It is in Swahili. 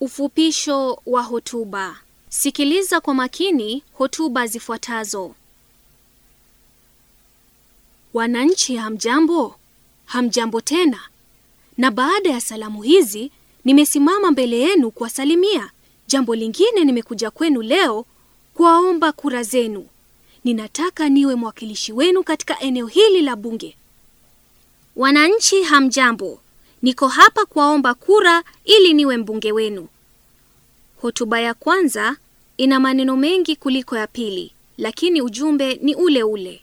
Ufupisho wa hotuba. Sikiliza kwa makini hotuba zifuatazo. Wananchi, hamjambo? Hamjambo tena. Na baada ya salamu hizi, nimesimama mbele yenu kuwasalimia. Jambo lingine, nimekuja kwenu leo kuwaomba kura zenu. Ninataka niwe mwakilishi wenu katika eneo hili la bunge. Wananchi, hamjambo? niko hapa kuwaomba kura ili niwe mbunge wenu. Hotuba ya kwanza ina maneno mengi kuliko ya pili, lakini ujumbe ni ule ule.